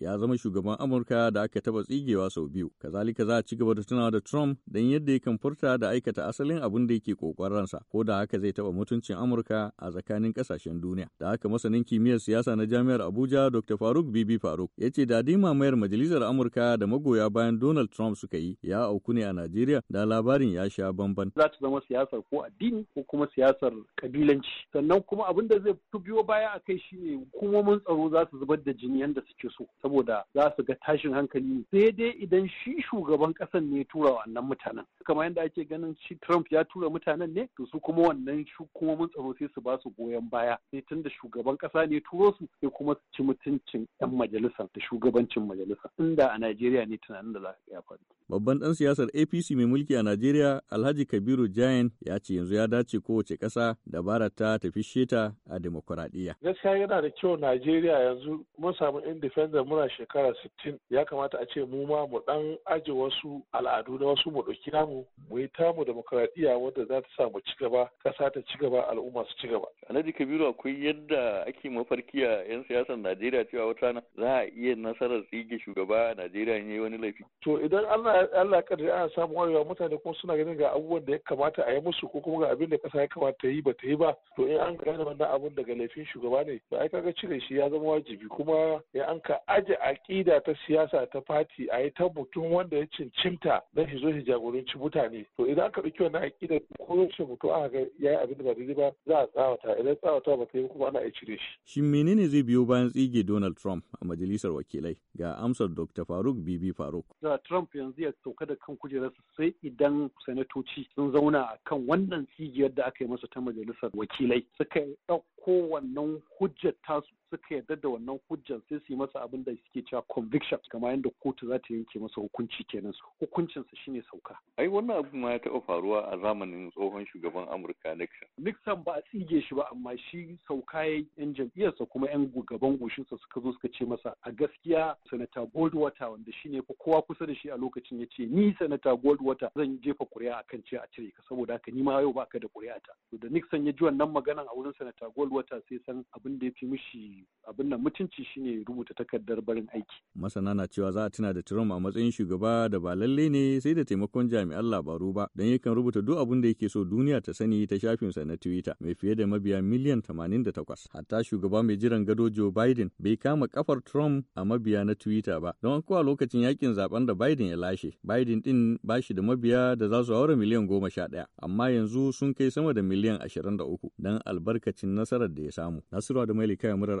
ya zama shugaban Amurka da aka taba tsigewa sau biyu. Kazalika za a ci gaba da tunawa da Trump don yadda ya kan furta da aikata asalin abin da yake kokarinsa, ko da haka zai taba mutuncin Amurka a tsakanin ƙasashen duniya. Da haka masanin kimiyyar siyasa na Jami'ar Abuja Dr. Faruk Bibi Faruk ya ce dadi mamayar majalisar Amurka da magoya bayan Donald Trump suka yi ya auku ne a Najeriya da labarin ya sha bamban. Za ta zama siyasar ko addini ko kuma siyasar kabilanci. Sannan kuma abin da zai biyo baya a kai shine hukumomin tsaro za su zubar da jini yadda suke so. saboda za su ga tashin hankali sai dai idan shi shugaban kasan ne tura wannan mutanen kamar yadda ake ganin shi Trump ya tura mutanen ne to su kuma wannan hukumomin tsaro sai su ba su goyon baya sai tun da shugaban kasa ne turo su sai kuma su ci mutuncin yan majalisa da shugabancin majalisa inda a Najeriya ne tunanin da za ka ya faru babban dan siyasar APC mai mulki a Najeriya Alhaji Kabiru Jain ya ce yanzu ya dace kowace kasa dabara ta tafi sheta a demokuraɗiyya. Gaskiya yana da kyau Najeriya yanzu mun samu independent muna shekara sittin ya kamata a ce mu ma mu dan aje wasu al'adu na wasu mu dauki namu mu yi tamu demokradiya wadda za ta sa mu ci gaba ƙasa ta ci gaba al'umma su ci gaba. Alhaji Kabiru akwai yadda ake mafarki a 'yan siyasar Najeriya cewa wata rana za a iya nasarar tsige shugaba a Najeriya ne wani laifi. To idan Allah Allah kadari ana samun wayewa mutane kuma suna ganin ga abubuwan da ya kamata a yi musu ko kuma ga abin da kasa ya kamata ta yi ba ta yi ba to in an gane wannan abun daga laifin shugaba ne ba ai kaga cire shi ya zama wajibi kuma ya an ka aje aƙida ta siyasa ta fati a yi ta mutum wanda ya cincimta don shi zo shi jagoranci mutane to idan aka ɗauki wannan aƙida ko shi mutum aka ga ya yi abin da ba daidai ba za a tsawata idan tsawata ba ta yi kuma ana iya cire shi. shin ne zai biyo bayan tsige donald trump a majalisar wakilai ga amsar dr faruk bibi faruk. da trump yanzu ya sauka da kan kujerarsa sai idan sanatoci sun zauna a kan wannan tsigiyar da aka yi masa ta majalisar wakilai suka ɗauko wannan hujjar tasu suka yarda da wannan hujjan sai su yi masa abin da suke cewa conviction kamar yadda kotu za ta yanke masa hukunci kenan hukuncin sa shine sauka ai wannan abu ma ya taɓa faruwa a zamanin tsohon shugaban Amurka Nixon Nixon ba a tsige shi ba amma shi sauka yayin yan sa kuma yan gaban sa suka zo suka ce masa a gaskiya Sanata Goldwater wanda shine fa kowa kusa da shi a lokacin ya ce ni Sanata Goldwater zan jefa kuri'a akan ce a cire ka saboda haka ni ma yau baka da kuri'a ta to da Nixon ya ji wannan maganan a wurin Sanata Goldwater sai san abin da ya fi mishi abin nan mutunci shine rubuta takardar barin aiki. Masana na cewa za a tuna da Trump a matsayin shugaba da ba lalle ne sai da taimakon jami'an labaru ba don yakan rubuta duk abin da yake so duniya ta sani ta shafinsa na Twitter mai fiye da mabiya miliyan 88. Hatta shugaba mai jiran gado Joe Biden bai kama kafar Trump a mabiya na Twitter ba don a lokacin yakin zaben da Biden ya lashe. Biden din ba shi da mabiya da za su haura miliyan 11 amma yanzu sun kai sama da miliyan 23 dan don albarkacin nasarar da ya samu. Nasiru da Maili ya murar